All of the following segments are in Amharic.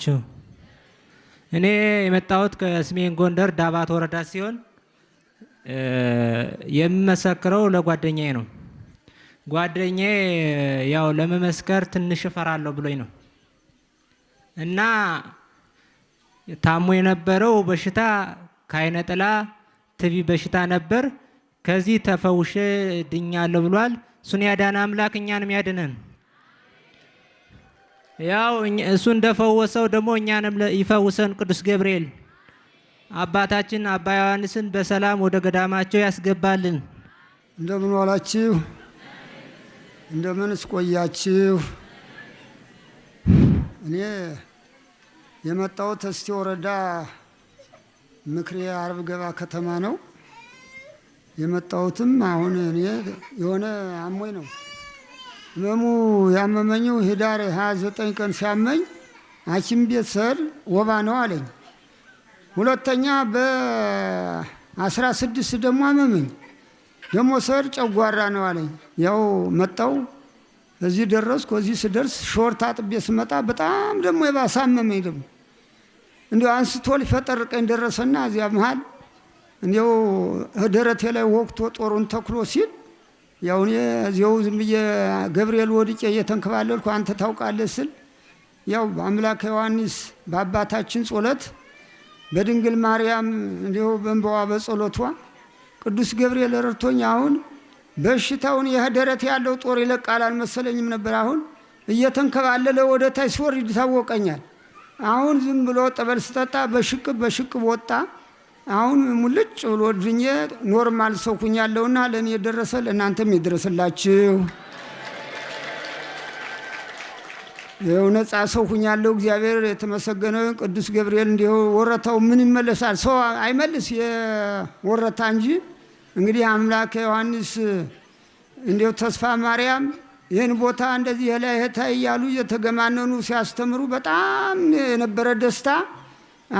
ናችሁ? እኔ የመጣሁት ከሰሜን ጎንደር ዳባት ወረዳ ሲሆን የምመሰክረው ለጓደኛዬ ነው። ጓደኛዬ ያው ለመመስከር ትንሽ እፈራለሁ ብሎኝ ነው እና ታሞ የነበረው በሽታ ከአይነ ጥላ ትቢ በሽታ ነበር። ከዚህ ተፈውሼ ድኛለሁ ብሏል። እሱን ያዳነ አምላክ እኛንም ያድነን። ያው እሱ እንደፈወሰው ደግሞ እኛንም ይፈውሰን ቅዱስ ገብርኤል አባታችን አባ ዮሐንስን በሰላም ወደ ገዳማቸው ያስገባልን። እንደምን ዋላችሁ? እንደምን እስቆያችሁ? እኔ የመጣሁት እስቴ ወረዳ ምክሬ አርብ ገባ ከተማ ነው የመጣሁትም አሁን እኔ የሆነ አሞኝ ነው ህመሙ ያመመኝው ህዳር 29 ቀን ሲያመኝ ሐኪም ቤት ስሄድ ወባ ነው አለኝ። ሁለተኛ በ16 ደግሞ አመመኝ። ደግሞ ስሄድ ጨጓራ ነው አለኝ። ያው መጣው እዚህ ደረስኩ። እዚህ ስደርስ ሾርት አጥቤ ስመጣ በጣም ደግሞ የባሰ አመመኝ። ደግሞ እንዲ አንስቶ ሊፈጠርቀኝ ደረሰና እዚያ መሃል እንዲው ደረቴ ላይ ወቅቶ ጦሩን ተክሎ ሲል ያው እኔ እዚያው ዝም ብዬ ገብርኤል ወድቄ እየተንከባለልኩ አንተ ታውቃለህ ስል ያው በአምላክ ዮሐንስ በአባታችን ጸሎት በድንግል ማርያም እንዲሁ በእንባዋ በጸሎቷ ቅዱስ ገብርኤል ረድቶኝ አሁን በሽታውን ደረት ያለው ጦር ይለቃል አልመሰለኝም ነበር። አሁን እየተንከባለለ ወደ ታች ሲወርድ ይታወቀኛል። አሁን ዝም ብሎ ጠበል ስጠጣ በሽቅብ በሽቅብ ወጣ። አሁን ሙልጭ ብሎ ድኜ ኖርማል ሰው ሁኛለሁና ለእኔ የደረሰ ለእናንተም ይድረስላችሁ። ይኸው ነጻ ሰው ሁኛለሁ። እግዚአብሔር የተመሰገነ ቅዱስ ገብርኤል እንዲሁ ወረታው ምን ይመለሳል? ሰው አይመልስ የወረታ እንጂ እንግዲህ አምላክ ዮሐንስ እንዲሁ ተስፋ ማርያም ይህን ቦታ እንደዚህ የላይ ህታ እያሉ እየተገማነኑ ሲያስተምሩ በጣም የነበረ ደስታ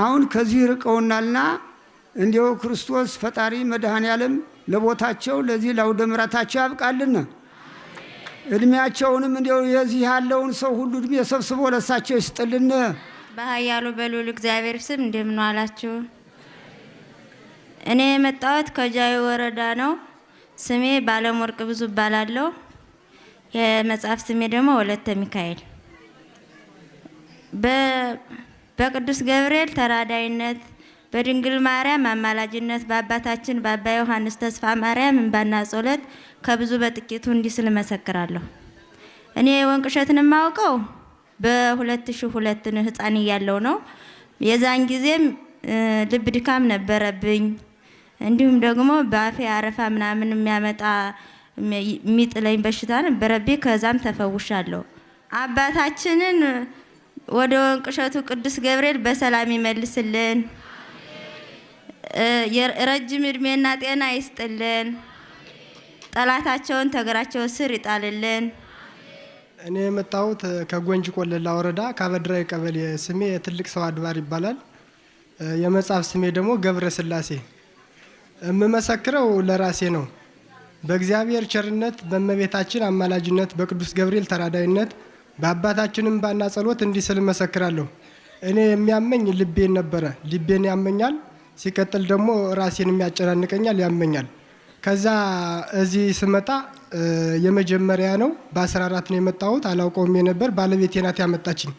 አሁን ከዚህ ርቀውናልና እንዲሁ ክርስቶስ ፈጣሪ መድኃኔ ዓለም ለቦታቸው ለዚህ ለአውደ ምሕረታቸው ያብቃልን። እድሜያቸውንም እንዲሁ የዚህ ያለውን ሰው ሁሉ እድሜ ሰብስቦ ለሳቸው ይስጥልን። በኃያሉ በልዑል እግዚአብሔር ስም እንደምን አላችሁ? እኔ የመጣሁት ከጃዊ ወረዳ ነው። ስሜ ባለሞርቅ ብዙ እባላለሁ። የመጽሐፍ ስሜ ደግሞ ወለተ ሚካኤል በቅዱስ ገብርኤል ተራዳይነት በድንግል ማርያም አማላጅነት በአባታችን በአባ ዮሐንስ ተስፋ ማርያም እንባና ጸሎት ከብዙ በጥቂቱ እንዲህ ስል መሰክራለሁ። እኔ ወንቅ እሸትን የማውቀው በ2002 ህፃን እያለው ነው። የዛን ጊዜም ልብ ድካም ነበረብኝ። እንዲሁም ደግሞ በአፌ አረፋ ምናምን የሚያመጣ የሚጥለኝ በሽታ ነበረብኝ። ከዛም ተፈውሻለሁ። አባታችንን ወደ ወንቅ እሸቱ ቅዱስ ገብርኤል በሰላም ይመልስልን። ረጅም እድሜና ጤና ይስጥልን። ጠላታቸውን ተገራቸው ስር ይጣልልን። እኔ የመጣሁት ከጎንጅ ቆለላ ወረዳ ከበድራዊ ቀበሌ። ስሜ የትልቅ ሰው አድባር ይባላል። የመጽሐፍ ስሜ ደግሞ ገብረ ስላሴ። የምመሰክረው ለራሴ ነው። በእግዚአብሔር ቸርነት፣ በእመቤታችን አማላጅነት፣ በቅዱስ ገብርኤል ተራዳይነት፣ በአባታችንም ባና ጸሎት እንዲህ ስል እመሰክራለሁ። እኔ የሚያመኝ ልቤን ነበረ። ልቤን ያመኛል ሲቀጥል ደግሞ ራሴንም ያጨናንቀኛል፣ ያመኛል። ከዛ እዚህ ስመጣ የመጀመሪያ ነው። በ14 ነው የመጣሁት። አላውቀውም የነበር ባለቤቴ ናት ያመጣችኝ።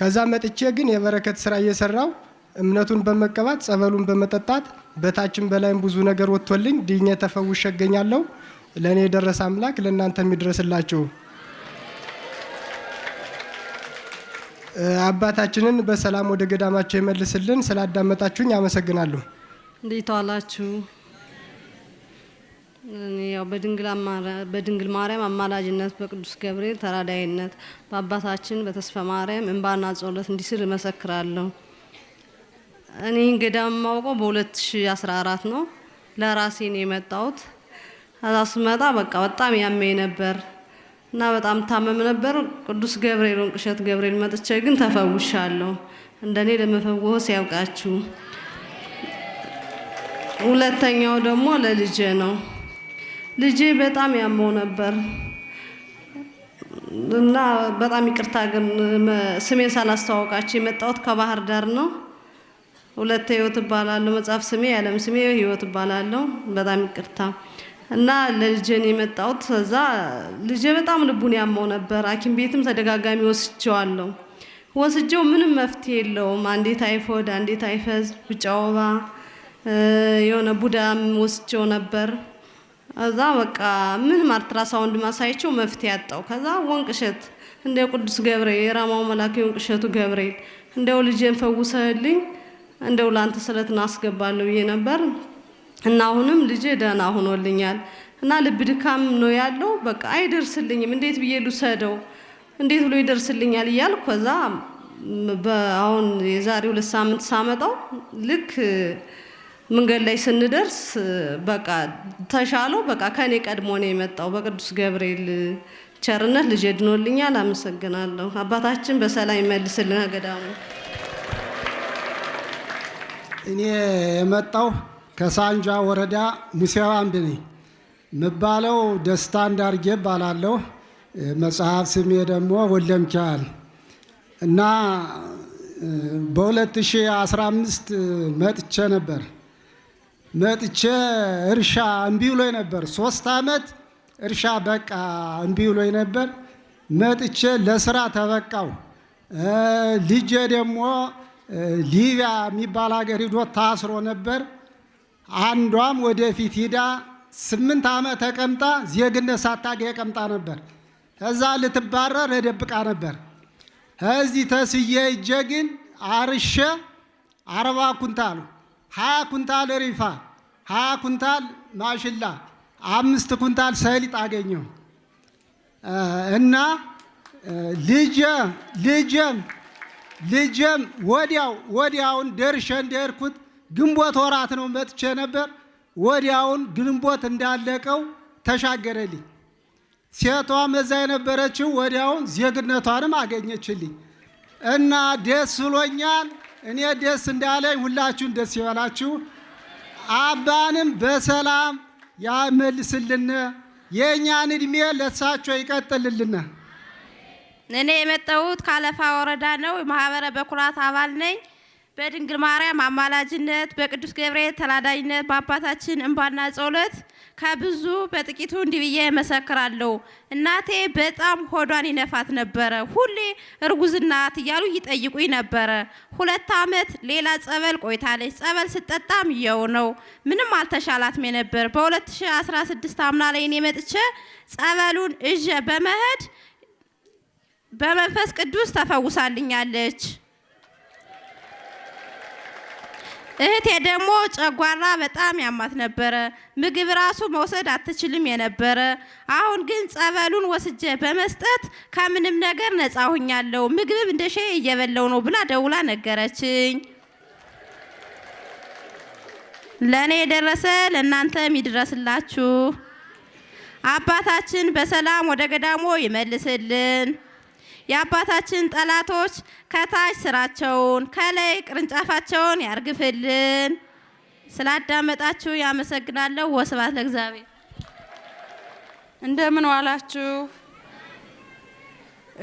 ከዛ መጥቼ ግን የበረከት ስራ እየሰራው እምነቱን በመቀባት ጸበሉን በመጠጣት በታችም በላይም ብዙ ነገር ወጥቶልኝ ድኜ ተፈውሼ እገኛለሁ። ለእኔ የደረሰ አምላክ ለእናንተ የሚደርስላችሁ አባታችንን በሰላም ወደ ገዳማቸው ይመልስልን። ስላዳመጣችሁኝ አመሰግናለሁ። እንዴት ዋላችሁ? ያው በድንግል ማርያም አማላጅነት በቅዱስ ገብርኤል ተራዳይነት በአባታችን በተስፋ ማርያም እንባና ጸሎት እንዲስል እመሰክራለሁ። እኔ ገዳም የማውቀው በ2014 ነው። ለራሴ ነው የመጣሁት። እዛ ስመጣ በቃ በጣም ያመኝ ነበር እና በጣም ታመም ነበር። ቅዱስ ገብርኤል ወንቅሸት ገብርኤል መጥቼ ግን ተፈውሻለሁ። እንደኔ ለመፈወስ ያውቃችሁ። ሁለተኛው ደግሞ ለልጄ ነው። ልጄ በጣም ያመው ነበር እና በጣም ይቅርታ ግን ስሜን ሳላስተዋወቃችሁ የመጣሁት ከባህር ዳር ነው። ሁለተ ህይወት እባላለሁ። መጽሐፍ ስሜ የዓለም ስሜ ህይወት እባላለሁ። በጣም ይቅርታ እና ለልጄን የመጣሁት እዛ ልጄ በጣም ልቡን ያመው ነበር። ሐኪም ቤትም ተደጋጋሚ ወስጄዋለሁ። ወስጄው ምንም መፍትሄ የለውም። አንዴ ታይፎድ፣ አንዴ ታይፈዝ፣ ብጫ ወባ፣ የሆነ ቡዳም ወስጄው ነበር። እዛ በቃ ምንም አልትራሳውንድ ማሳይቸው መፍትሄ ያጣው። ከዛ ወንቅሸት እንደ ቅዱስ ገብርኤል የራማው የወንቅ ወንቅሸቱ ገብርኤል እንደው ልጄን ፈውሰህልኝ እንደው ላንተ ስለትን አስገባለሁ ብዬ ነበር እና አሁንም ልጄ ደህና ሆኖልኛል እና ልብ ድካም ነው ያለው። በቃ አይደርስልኝም። እንዴት ብዬ ልውሰደው? እንዴት ብሎ ይደርስልኛል እያል ከዛ አሁን የዛሬ ሁለት ሳምንት ሳመጣው ልክ መንገድ ላይ ስንደርስ በቃ ተሻለው። በቃ ከኔ ቀድሞ ነው የመጣው። በቅዱስ ገብርኤል ቸርነት ልጄ ድኖልኛል። አመሰግናለሁ። አባታችን በሰላም ይመልስልን ገዳሙ እኔ የመጣው ከሳንጃ ወረዳ ሙሴዋ አንብኔ ምባለው ደስታ እንዳርጌ እባላለሁ። መጽሐፍ ስሜ ደግሞ ወለምቻል እና በ2015 መጥቼ ነበር። መጥቼ እርሻ እምቢ ብሎኝ ነበር። ሶስት ዓመት እርሻ በቃ እምቢ ብሎኝ ነበር። መጥቼ ለስራ ተበቃው። ልጄ ደግሞ ሊቢያ የሚባል ሀገር ሂዶ ታስሮ ነበር። አንዷም ወደፊት ሂዳ ስምንት ዓመት ተቀምጣ ዜግነት ሳታገ የቀምጣ ነበር። እዛ ልትባረር ደብቃ ነበር። እዚህ ተስዬ እጀ ግን አርሸ አርባ ኩንታል፣ ሀያ ኩንታል ሪፋ፣ ሀያ ኩንታል ማሽላ፣ አምስት ኩንታል ሰሊጥ አገኘው እና ልጄም ልጄም ወዲያው ወዲያውን ደርሼ እንደሄድኩት ግንቦት ወራት ነው መጥቼ ነበር። ወዲያውን ግንቦት እንዳለቀው ተሻገረልኝ። ሴቷም እዛ የነበረችው ወዲያውን ዜግነቷንም አገኘችልኝ እና ደስ ብሎኛል። እኔ ደስ እንዳለኝ ሁላችሁን ደስ ይበላችሁ። አባንም በሰላም ያመልስልን፣ የእኛን እድሜ ለሳቸው ይቀጥልልን። እኔ የመጣሁት ካለፋ ወረዳ ነው። ማህበረ በኩራት አባል ነኝ። በድንግል ማርያም አማላጅነት በቅዱስ ገብርኤል ተላዳኝነት በአባታችን እንባና ጸሎት ከብዙ በጥቂቱ እንዲህ ብዬ እመሰክራለሁ። እናቴ በጣም ሆዷን ይነፋት ነበረ። ሁሌ እርጉዝ ናት እያሉ ይጠይቁኝ ነበረ። ሁለት ዓመት ሌላ ጸበል ቆይታለች። ጸበል ስጠጣም የው ነው ምንም አልተሻላትም ነበር በ በ2016 አምና ላይ እኔ መጥቼ ጸበሉን እዤ በመሄድ በመንፈስ ቅዱስ ተፈውሳልኛለች። እህቴ ደግሞ ጨጓራ በጣም ያማት ነበረ። ምግብ ራሱ መውሰድ አትችልም የነበረ። አሁን ግን ጸበሉን ወስጄ በመስጠት ከምንም ነገር ነጻ ሁኛለሁ። ምግብም እንደ ሸ እየበለው ነው ብላ ደውላ ነገረችኝ። ለእኔ የደረሰ ለእናንተም ይድረስላችሁ። አባታችን በሰላም ወደ ገዳሞ ይመልስልን። የአባታችን ጠላቶች ከታች ስራቸውን ከላይ ቅርንጫፋቸውን ያርግፍልን። ስላዳመጣችሁ ያመሰግናለሁ። ወስብሐት ለእግዚአብሔር። እንደምን ዋላችሁ።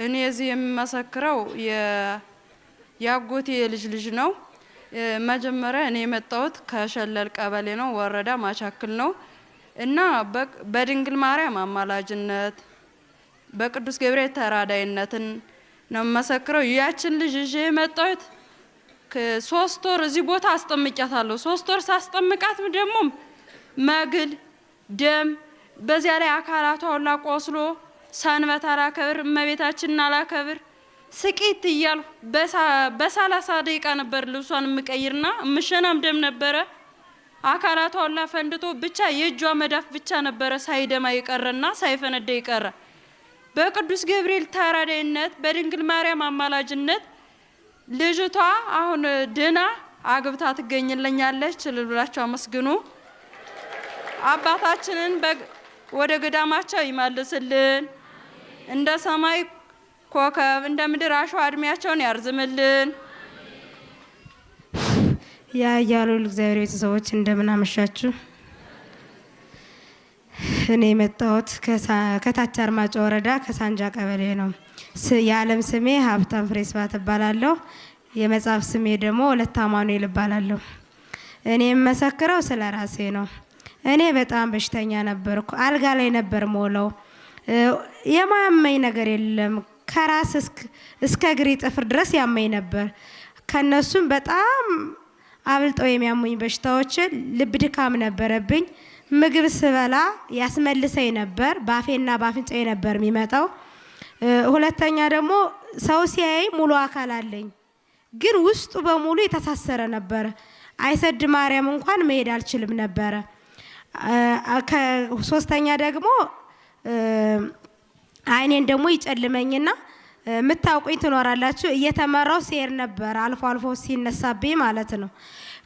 እኔ እዚህ የምመሰክረው የአጎቴ ልጅ ልጅ ነው። መጀመሪያ እኔ የመጣሁት ከሸለል ቀበሌ ነው፣ ወረዳ ማቻክል ነው እና በድንግል ማርያም አማላጅነት በቅዱስ ገብርኤል ተራዳይነትን ነው መሰክረው። ያችን ልጅ ይዤ የመጣሁት ሶስት ወር እዚህ ቦታ አስጠምቂያታለሁ። ሶስት ወር ሳስጠምቃት ደግሞ መግል ደም፣ በዚያ ላይ አካላቷ ሁላ ቆስሎ ሰንበት አላከብር እመቤታችንን አላከብር ስቂት እያል በሰላሳ ደቂቃ ነበር ልብሷን የምቀይርና የምሸናም ደም ነበረ። አካላቷ ሁላ ፈንድቶ ብቻ የእጇ መዳፍ ብቻ ነበረ ሳይደማ የቀረና ሳይፈነዳ የቀረ በቅዱስ ገብርኤል ተራዳይነት በድንግል ማርያም አማላጅነት ልጅቷ አሁን ድና አግብታ ትገኝልኛለች። ልብላቸው አመስግኑ። አባታችንን ወደ ገዳማቸው ይመልስልን። እንደ ሰማይ ኮከብ እንደ ምድር አሸዋ እድሜያቸውን ያርዝምልን። ያ እያሉ እግዚአብሔር ቤተሰቦች እንደምን አመሻችሁ። እኔ የመጣሁት ከታች አርማጮ ወረዳ ከሳንጃ ቀበሌ ነው። የዓለም ስሜ ሀብታም ፍሬስባ ትባላለሁ። የመጽሐፍ ስሜ ደግሞ ሁለት አማኑኤል እባላለሁ። እኔ የምመሰክረው ስለ ራሴ ነው። እኔ በጣም በሽተኛ ነበርኩ። አልጋ ላይ ነበር ሞለው የማያመኝ ነገር የለም። ከራስ እስከ እግሬ ጥፍር ድረስ ያመኝ ነበር። ከነሱም በጣም አብልጠው የሚያሙኝ በሽታዎችን ልብ ድካም ነበረብኝ። ምግብ ስበላ ያስመልሰኝ ነበር። ባፌና ባፍንጫዬ ነበር የሚመጣው። ሁለተኛ ደግሞ ሰው ሲያይ ሙሉ አካል አለኝ፣ ግን ውስጡ በሙሉ የተሳሰረ ነበረ። አይሰድ ማርያም እንኳን መሄድ አልችልም ነበረ። ሶስተኛ ደግሞ አይኔን ደግሞ ይጨልመኝና ምታውቁኝ ትኖራላችሁ እየተመራው ሲሄድ ነበር አልፎ አልፎ ሲነሳብኝ ማለት ነው።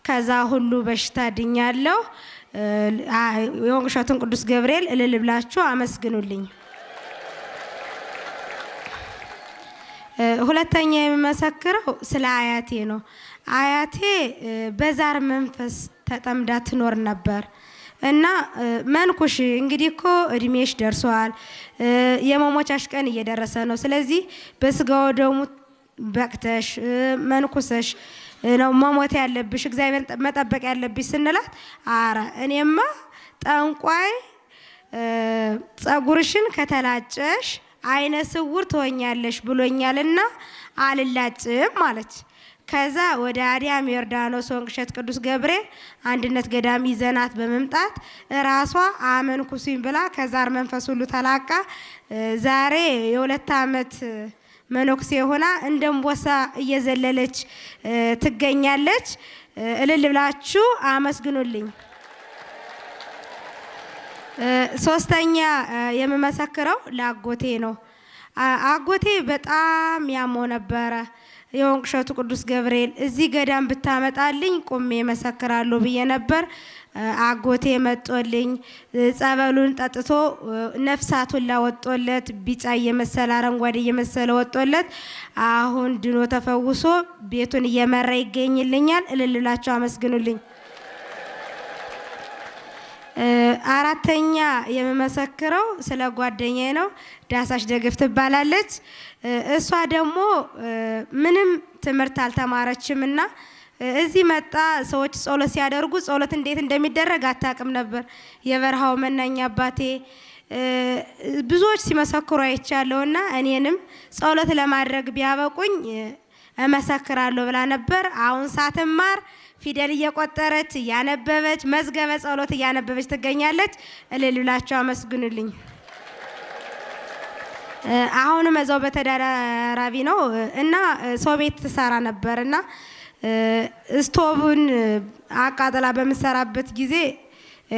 ከዛ ሁሉ በሽታ ድኛለሁ። የወንቅሸቱን ቅዱስ ገብርኤል እልል ብላችሁ አመስግኑልኝ። ሁለተኛ የምመሰክረው ስለ አያቴ ነው። አያቴ በዛር መንፈስ ተጠምዳ ትኖር ነበር እና መንኩሽ እንግዲህ እኮ እድሜሽ ደርሷል፣ የመሞቻሽ ቀን እየደረሰ ነው። ስለዚህ በስጋው ደሙ በቅተሽ መንኩሰሽ ነው መሞት ያለብሽ እግዚአብሔር መጠበቅ ያለብሽ ስንላት፣ አረ እኔማ ጠንቋይ ጸጉርሽን ከተላጨሽ አይነ ስውር ትሆኛለሽ ብሎኛልና አልላጭም ማለች። ከዛ ወደ አዲያም ዮርዳኖስ ወንቅሸት ቅዱስ ገብርኤል አንድነት ገዳም ይዘናት በመምጣት ራሷ አመንኩሲም ብላ ከዛር መንፈስ ሁሉ ተላቃ ዛሬ የሁለት አመት መነኩሴ ሆና እንደ እየዘለለች ትገኛለች። እልል ብላችሁ አመስግኑልኝ። ሶስተኛ የምመሰክረው ለአጎቴ ነው። አጎቴ በጣም ያሞ ነበረ። የወንቅ እሸቱ ቅዱስ ገብርኤል እዚህ ገዳም ብታመጣልኝ ቁሜ መሰክራለሁ ብዬ ነበር። አጎቴ መጦልኝ ጸበሉን ጠጥቶ ነፍሳቱን ላወጦለት ቢጫ እየመሰለ አረንጓዴ እየመሰለ ወጦለት አሁን ድኖ ተፈውሶ ቤቱን እየመራ ይገኝልኛል። እልልላቸው አመስግኑልኝ። አራተኛ የምመሰክረው ስለ ጓደኛዬ ነው። ዳሳሽ ደግፍ ትባላለች። እሷ ደግሞ ምንም ትምህርት አልተማረችም እና እዚህ መጣ። ሰዎች ጸሎት ሲያደርጉ ጸሎት እንዴት እንደሚደረግ አታቅም ነበር። የበረሃው መናኛ አባቴ ብዙዎች ሲመሰክሩ አይቻለሁ እና እኔንም ጸሎት ለማድረግ ቢያበቁኝ እመሰክራለሁ ብላ ነበር። አሁን ሳትማር ፊደል እየቆጠረች እያነበበች መዝገበ ጸሎት እያነበበች ትገኛለች። እልል ብላችሁ አመስግኑልኝ። አሁንም እዛው በተደራራቢ ነው እና ሰው ቤት ትሰራ ነበር እና ስቶቡን አቃጥላ በምሰራበት ጊዜ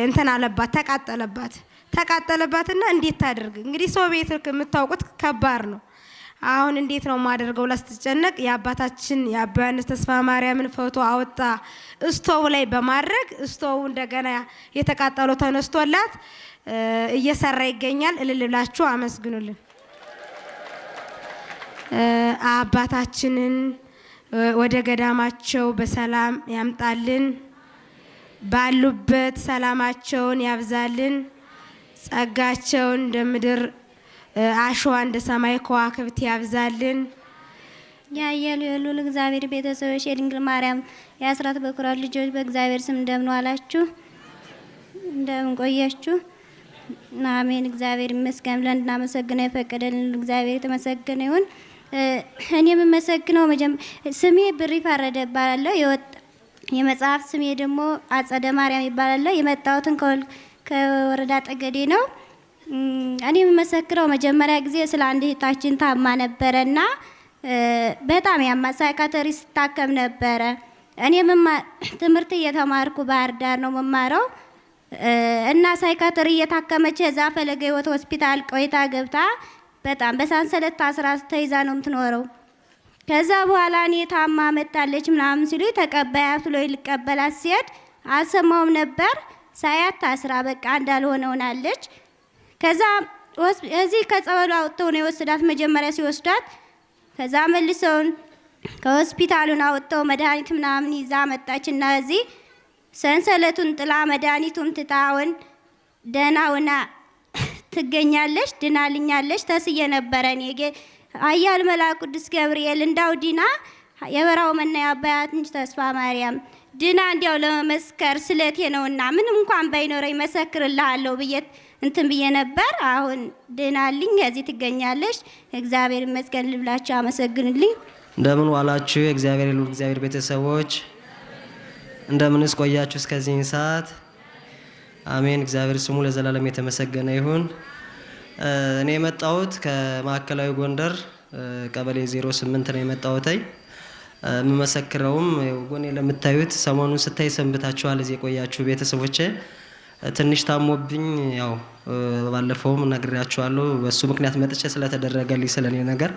እንትን አለባት፣ ተቃጠለባት ተቃጠለባትና እንዴት ታደርግ እንግዲህ ሰው ቤት የምታውቁት ከባድ ነው። አሁን እንዴት ነው ማደርገው ላስትጨነቅ የአባታችን የአባ ዮሐንስ ተስፋ ማርያምን ፎቶ አወጣ እስቶው ላይ በማድረግ እስቶው እንደገና የተቃጠለው ተነስቶላት እየሰራ ይገኛል። እልል ብላችሁ አመስግኑልን አባታችንን ወደ ገዳማቸው በሰላም ያምጣልን። ባሉበት ሰላማቸውን ያብዛልን። ጸጋቸውን እንደ ምድር አሸዋ እንደ ሰማይ ከዋክብት ያብዛልን። ያየሉ የሉል እግዚአብሔር ቤተሰቦች የድንግል ማርያም የአስራት በኩራት ልጆች በእግዚአብሔር ስም እንደምን ዋላችሁ? እንደምን ቆያችሁ? አሜን። እግዚአብሔር ይመስገን ብለን የፈቀደልን እግዚአብሔር የተመሰገነ ይሁን። እኔ የምመሰግነው ስሜ ብሪ ፈረደ የመጽሐፍ ስሜ ደግሞ አጸደ ማርያም ይባላለሁ። የመጣሁትን ከወረዳ ጠገዴ ነው። እኔ የምመሰክረው መጀመሪያ ጊዜ ስለ አንድ እህታችን ታማ ነበረ እና በጣም ያማ ሳይካተሪ ስታከም ነበረ። እኔ ትምህርት እየተማርኩ ባህር ዳር ነው የምማረው እና ሳይካተሪ እየታከመች የዛ ፈለገ ህይወት ሆስፒታል ቆይታ ገብታ በጣም በሳንሰለት ታስራ ተይዛ ነው የምትኖረው። ከዛ በኋላ እኔ ታማ መጣለች ምናምን ሲሉ ተቀባይ ብሎ ልቀበላት ሲሄድ አልሰማውም ነበር። ሳያት ታስራ በቃ እንዳልሆነ ሆናለች። ከዛ እዚህ ከጸበሉ አውጥተው ነው የወስዳት መጀመሪያ ሲወስዷት። ከዛ መልሰውን ከሆስፒታሉን አውጥተው መድኃኒት ምናምን ይዛ መጣች መጣችና እዚህ ሰንሰለቱን ጥላ መድኃኒቱን ትታውን ደህና ሆና ትገኛለች፣ ድናልኛለች። ተስዬ ነበረ እኔ አያል መልአክ ቅዱስ ገብርኤል እንዳው ዲና የበራው መናያ አባያት እንጂ ተስፋ ማርያም ድና እንዲያው ለመመስከር ስለቴ ነውና ምንም እንኳን ባይኖረኝ መሰክርልሃለሁ ብዬ እንትን ብዬ ነበር። አሁን ድናልኝ እዚህ ትገኛለች። እግዚአብሔር ይመስገን ልብላችሁ አመሰግንልኝ። እንደምን ዋላችሁ? የእግዚአብሔር ልዑል እግዚአብሔር ቤተሰቦች እንደምንስ ቆያችሁ እስከዚህን ሰዓት አሜን። እግዚአብሔር ስሙ ለዘላለም የተመሰገነ ይሁን። እኔ የመጣሁት ከማዕከላዊ ጎንደር ቀበሌ 08 ነው የመጣሁተኝ። የምመሰክረውም ጎኔ ለምታዩት ሰሞኑን ስታይ ሰንብታችኋል እዚህ የቆያችሁ ቤተሰቦቼ ትንሽ ታሞብኝ ያው ባለፈውም ነግሬያችኋለሁ። በሱ ምክንያት መጥቼ ስለተደረገልኝ ስለኔ ነገር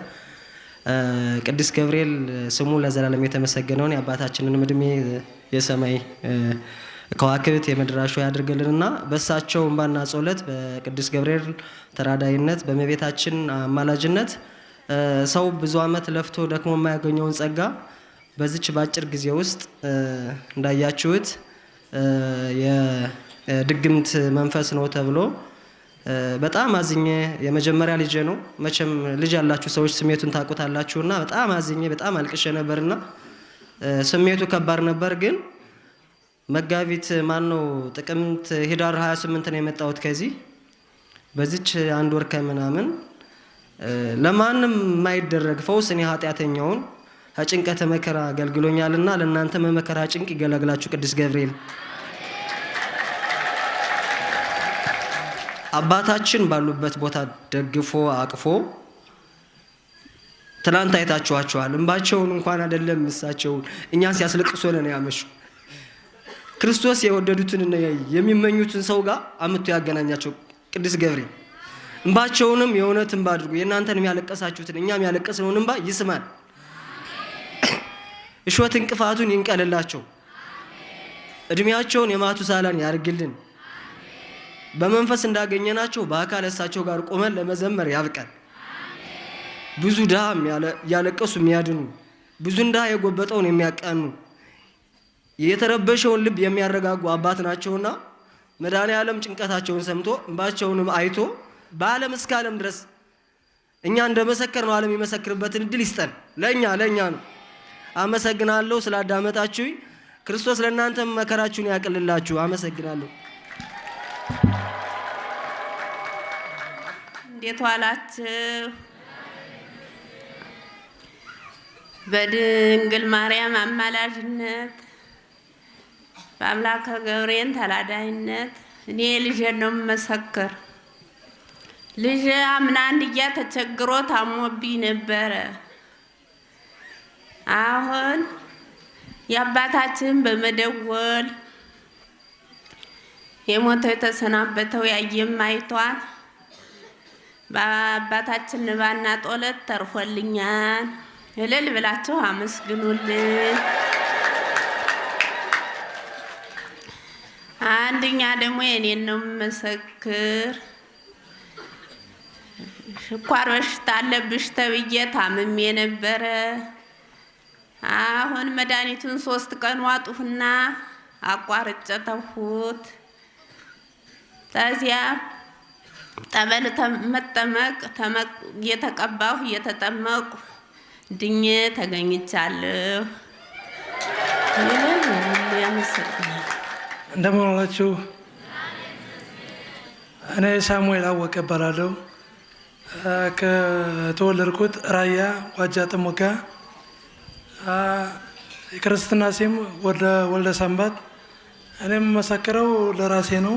ቅዱስ ገብርኤል ስሙ ለዘላለም የተመሰገነውን የአባታችንን እድሜ የሰማይ ከዋክብት የምድራሹ ያድርግልንና በእሳቸው እንባና ጸሎት በቅዱስ ገብርኤል ተራዳይነት በመቤታችን አማላጅነት ሰው ብዙ ዓመት ለፍቶ ደክሞ የማያገኘውን ጸጋ በዚች በአጭር ጊዜ ውስጥ እንዳያችሁት የድግምት መንፈስ ነው ተብሎ በጣም አዝኜ የመጀመሪያ ልጄ ነው። መቼም ልጅ ያላችሁ ሰዎች ስሜቱን ታውቁታላችሁና በጣም አዝኜ በጣም አልቅሼ ነበርና ስሜቱ ከባድ ነበር ግን መጋቢት ማን ነው ጥቅምት ህዳር 28 ነው የመጣሁት ከዚህ በዚች አንድ ወር ከምናምን ለማንም የማይደረግ ፈውስ እኔ ኃጢአተኛውን ከጭንቀተ መከራ አገልግሎኛልና ለእናንተ መመከራ ጭንቅ ይገላግላችሁ ቅዱስ ገብርኤል አባታችን ባሉበት ቦታ ደግፎ አቅፎ ትናንት አይታችኋቸዋል። እንባቸውን እንኳን አደለም እሳቸውን እኛን ሲያስለቅሶ ለን ያመሹ። ክርስቶስ የወደዱትንና የሚመኙትን ሰው ጋር አምጥቶ ያገናኛቸው ቅዱስ ገብርኤል። እንባቸውንም የእውነት እንባ አድርጉ የእናንተንም ያለቀሳችሁትን እኛም ያለቀስነውን እንባ ይስማል። እሾት እንቅፋቱን ይንቀልላቸው። እድሜያቸውን የማቱሳላን ያርግልን። በመንፈስ እንዳገኘናቸው በአካል እሳቸው ጋር ቆመን ለመዘመር ያብቃል። ብዙ ድሃ ያለቀሱ የሚያድኑ ብዙ ድሃ የጎበጠውን የሚያቀኑ። የተረበሸውን ልብ የሚያረጋጉ አባት ናቸውና መድኃኔ ዓለም ጭንቀታቸውን ሰምቶ እንባቸውንም አይቶ በዓለም እስከ ዓለም ድረስ እኛ እንደመሰከር ነው ዓለም የመሰክርበትን እድል ይስጠን። ለእኛ ለእኛ ነው። አመሰግናለሁ ስላዳመጣችሁኝ። ክርስቶስ ለእናንተም መከራችሁን ያቅልላችሁ። አመሰግናለሁ። እንዴት ዋላችሁ? በድንግል ማርያም አማላጅነት በአምላከ ገብርኤል ተላዳይነት እኔ ልጄን ነው የምመሰክር። ልጄ አምና አንድያ ተቸግሮ ታሞብኝ ነበረ። አሁን የአባታችን በመደወል የሞተው የተሰናበተው ያየም አይቷል። በአባታችን ንባና ጦለት ተርፎልኛል። እልል ብላችሁ አመስግኑልን አንድኛ ደግሞ የኔን ነው የምመሰክር። ስኳር በሽታ አለብሽ ተብዬ ታምሜ ነበረ። አሁን መድኃኒቱን ሶስት ቀን ዋጡፍና አቋርጨ ተውኩት። ከዚያ ጠበል መጠመቅ እየተቀባሁ እየተጠመቁ ድኝ ተገኝቻለሁ። እንደምን ዋላችሁ። እኔ ሳሙኤል አወቀ እባላለሁ። ከተወለድኩት ራያ ዋጃ ጥሙጋ፣ የክርስትና ስም ወልደ ሰንበት። እኔ የምመሰክረው ለራሴ ነው።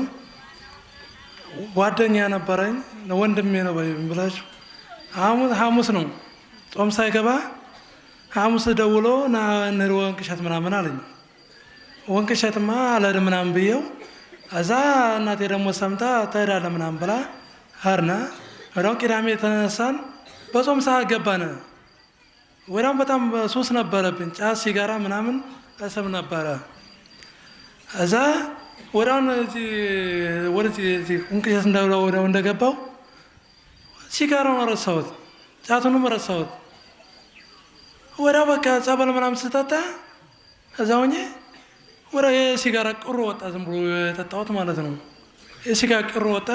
ጓደኛ ነበረኝ፣ ወንድሜ ነው ብላችሁ ሐሙስ ነው ጾም ሳይገባ ሐሙስ ደውሎ ና እንሂድ ምናምን አለኝ። ወንቅሸትማ አለድ ምናምን ብየው እዛ እናቴ ደግሞ ሰምታ ተሄዳለ ምናምን ብላ ሀርና ወዲያውም ቅዳሜ የተነሳን በጾም ሰዓት ገባን። ወዲያውም በጣም ሱስ ነበረብን። ጫት፣ ሲጋራ ምናምን እስም ነበረ። እዛ ወዲያውን ወደዚህ ወንቅሸት እንደው እንደገባው ሲጋራውን ረሳሁት፣ ጫቱንም ረሳሁት። ወዲያው በቃ ጸበል ምናምን ስጠጣ እዛው ወረ የሲጋራ ቅሮ ወጣ፣ ዝም ብሎ የጠጣሁት ማለት ነው። የሲጋ ቅሮ ወጣ።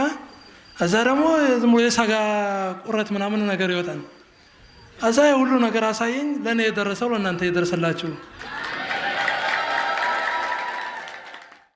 እዛ ደግሞ ዝም ብሎ የሳጋ ቁረት ምናምን ነገር ይወጣል። እዛ የሁሉ ነገር አሳየኝ። ለእኔ የደረሰው ለእናንተ የደረሰላችሁ